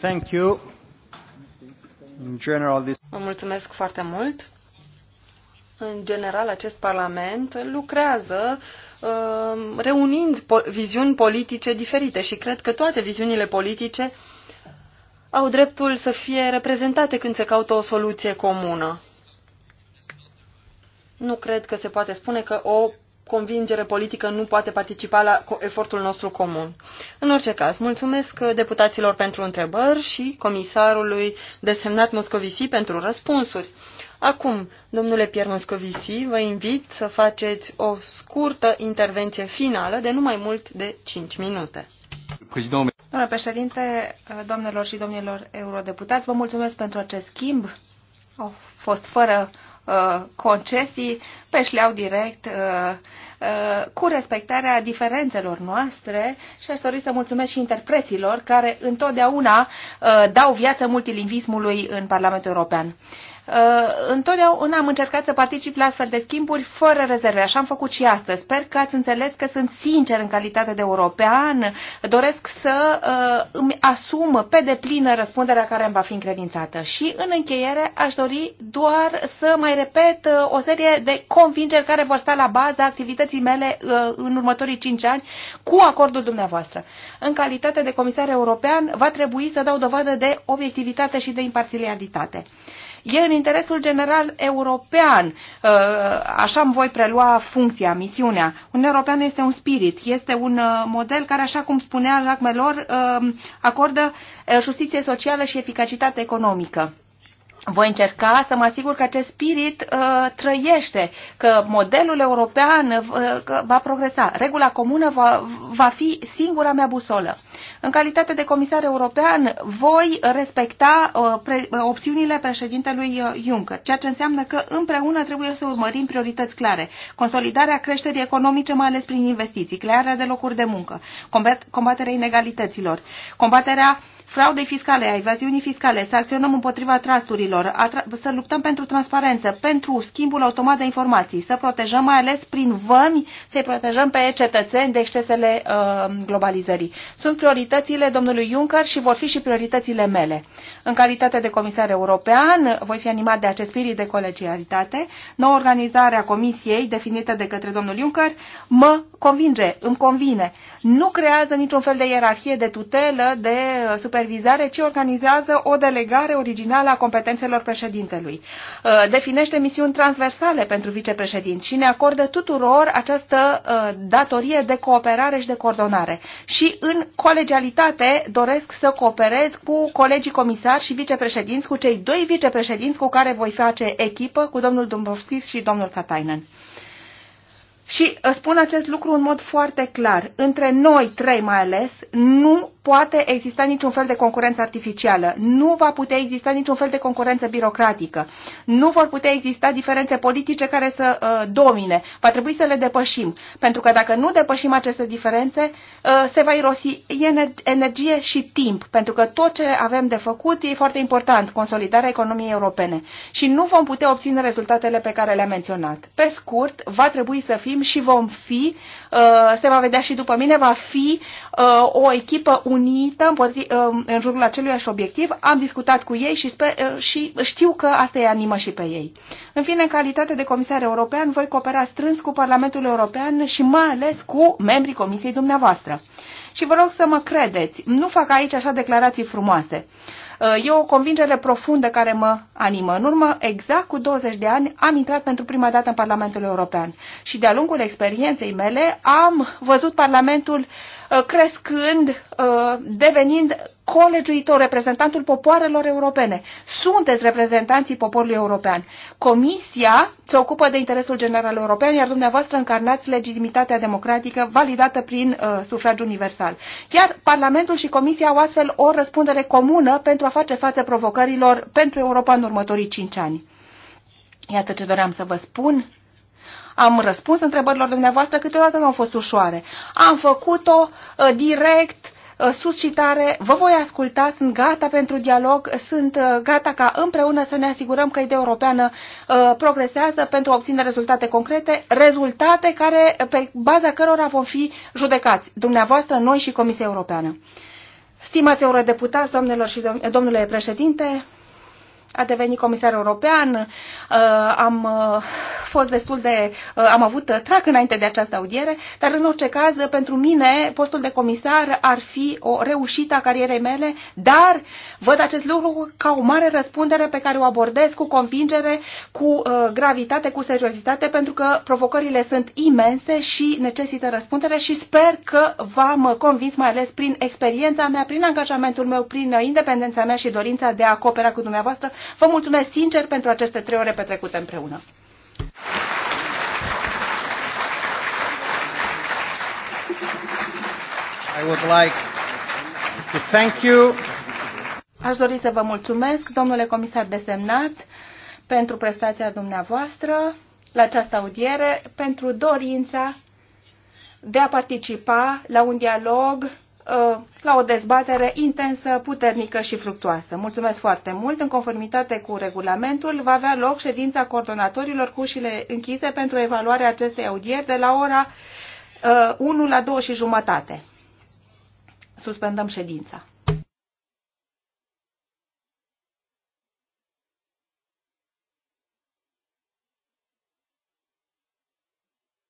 Thank you. In general, this... Vă mulțumesc foarte mult. În general, acest Parlament lucrează uh, reunind viziuni politice diferite și cred că toate viziunile politice au dreptul să fie reprezentate când se caută o soluție comună. Nu cred că se poate spune că o convingere politică nu poate participa la efortul nostru comun. În orice caz, mulțumesc deputaților pentru întrebări și comisarului desemnat Moscovici pentru răspunsuri. Acum, domnule Pierre Moscovici, vă invit să faceți o scurtă intervenție finală de nu mai mult de 5 minute. Domnule președinte, doamnelor și domnilor eurodeputați, vă mulțumesc pentru acest schimb au fost fără uh, concesii, pe șleau direct, uh, uh, cu respectarea diferențelor noastre și aș dori să mulțumesc și interpreților care întotdeauna uh, dau viață multilingvismului în Parlamentul European. Uh, întotdeauna am încercat să particip la astfel de schimburi fără rezerve. Așa am făcut și astăzi. Sper că ați înțeles că sunt sincer în calitate de european. Doresc să uh, îmi asum pe deplin răspunderea care îmi va fi încredințată. Și în încheiere aș dori doar să mai repet uh, o serie de convingeri care vor sta la baza activității mele în următorii cinci ani cu acordul dumneavoastră. În calitate de comisar european va trebui să dau dovadă de obiectivitate și de imparțialitate. E în interesul general european. Uh, așa îmi voi prelua funcția, misiunea. Uniunea Europeană este un spirit, este un uh, model care, așa cum spunea Lacmelor, uh, acordă justiție socială și eficacitate economică. Voi încerca să mă asigur că acest spirit uh, trăiește, că modelul european uh, va progresa. Regula comună va, va fi singura mea busolă. În calitate de comisar european, voi respecta uh, uh, opțiunile președintelui uh, Juncker, ceea ce înseamnă că împreună trebuie să urmărim priorități clare. Consolidarea creșterii economice, mai ales prin investiții, crearea de locuri de muncă, combaterea inegalităților, combaterea fraudei fiscale, a evaziunii fiscale, să acționăm împotriva trasturilor, să luptăm pentru transparență, pentru schimbul automat de informații, să protejăm mai ales prin vămi, să-i protejăm pe cetățeni de excesele uh, globalizării. Sunt prioritățile domnului Juncker și vor fi și prioritățile mele. În calitate de comisar european, voi fi animat de acest spirit de colegialitate. Noua organizare a comisiei, definită de către domnul Juncker, mă convinge, îmi convine. Nu creează niciun fel de ierarhie de tutelă, de supervizare, ci organizează o delegare originală a competențelor președintelui. Uh, definește misiuni transversale pentru vicepreședinți și ne acordă tuturor această uh, datorie de cooperare și de coordonare. Și în colegialitate colegialitate doresc să cooperez cu colegii comisari și vicepreședinți, cu cei doi vicepreședinți cu care voi face echipă, cu domnul Dombrovskis și domnul Katainen. Și uh, spun acest lucru în mod foarte clar. Între noi trei mai ales, nu poate exista niciun fel de concurență artificială, nu va putea exista niciun fel de concurență birocratică, nu vor putea exista diferențe politice care să uh, domine. Va trebui să le depășim, pentru că dacă nu depășim aceste diferențe, uh, se va irosi energie și timp, pentru că tot ce avem de făcut e foarte important, consolidarea economiei europene și nu vom putea obține rezultatele pe care le-am menționat. Pe scurt, va trebui să fim și vom fi, uh, se va vedea și după mine, va fi uh, o echipă unică unită uh, în jurul aceluiași obiectiv. Am discutat cu ei și, sper, uh, și știu că asta îi animă și pe ei. În fine, în calitate de comisar european, voi coopera strâns cu Parlamentul European și mai ales cu membrii comisiei dumneavoastră. Și vă rog să mă credeți, nu fac aici așa declarații frumoase. Uh, e o convingere profundă care mă animă. În urmă, exact cu 20 de ani, am intrat pentru prima dată în Parlamentul European și de-a lungul experienței mele am văzut Parlamentul uh, Uh, crescând, uh, devenind colegiuitor, reprezentantul popoarelor europene. Sunteți reprezentanții poporului european. Comisia se ocupă de interesul general european, iar dumneavoastră încarnați legitimitatea democratică validată prin uh, sufragiu universal. Iar Parlamentul și Comisia au astfel o răspundere comună pentru a face față provocărilor pentru Europa în următorii cinci ani. Iată ce doream să vă spun am răspuns întrebărilor dumneavoastră, câteodată nu au fost ușoare. Am făcut-o uh, direct, uh, sus și tare, vă voi asculta, sunt gata pentru dialog, sunt uh, gata ca împreună să ne asigurăm că ideea europeană uh, progresează pentru a obține rezultate concrete, rezultate care, pe baza cărora vom fi judecați, dumneavoastră, noi și Comisia Europeană. Stimați eurodeputați, domnilor și dom domnule președinte, a devenit comisar european, uh, am uh, fost destul de, uh, am avut trac înainte de această audiere, dar în orice caz, pentru mine, postul de comisar ar fi o reușită a carierei mele, dar văd acest lucru ca o mare răspundere pe care o abordez cu convingere, cu gravitate, cu seriozitate, pentru că provocările sunt imense și necesită răspundere și sper că v-am convins, mai ales prin experiența mea, prin angajamentul meu, prin independența mea și dorința de a coopera cu dumneavoastră, Vă mulțumesc sincer pentru aceste trei ore petrecute împreună. I would like to thank you. Aș dori să vă mulțumesc, domnule comisar desemnat, pentru prestația dumneavoastră la această audiere, pentru dorința de a participa la un dialog Uh, la o dezbatere intensă, puternică și fructuoasă. Mulțumesc foarte mult. În conformitate cu regulamentul, va avea loc ședința coordonatorilor cu ușile închise pentru evaluarea acestei audieri de la ora 1 uh, la 2 și jumătate. Suspendăm ședința.